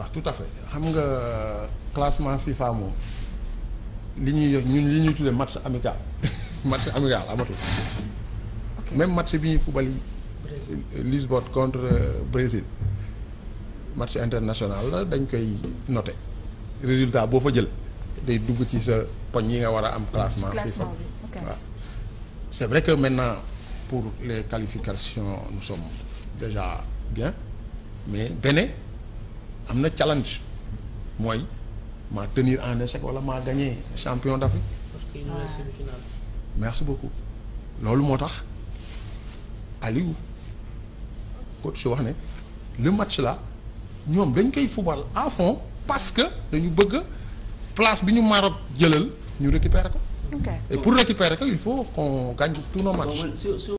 waaw tout à fait xam nga classement FIFA moom li ñuy ñun li ñuy tuddee match amical match amical amatul même match bi ñuy fubal yi Lisbonne contre euh, Brésil match international la dañ koy noté résultat boo fa jël day dugg ci sa poñ yi nga war a am classement FIFA waaw c'est vrai que maintenant pour les qualifications nous sommes déjà bien mais bene am na challenge mooy maa tenir en échec wala maa gagné champion d'Afrique. parce que merci beaucoup loolu moo tax Aliou coach wax ne le match là ñoom dañ koy fubal à fond parce que dañu bëgg place bi ñu Maroc jëlal ñu récupérer ko. et pour récupérer ko il faut qu'on gagne tous nos ah,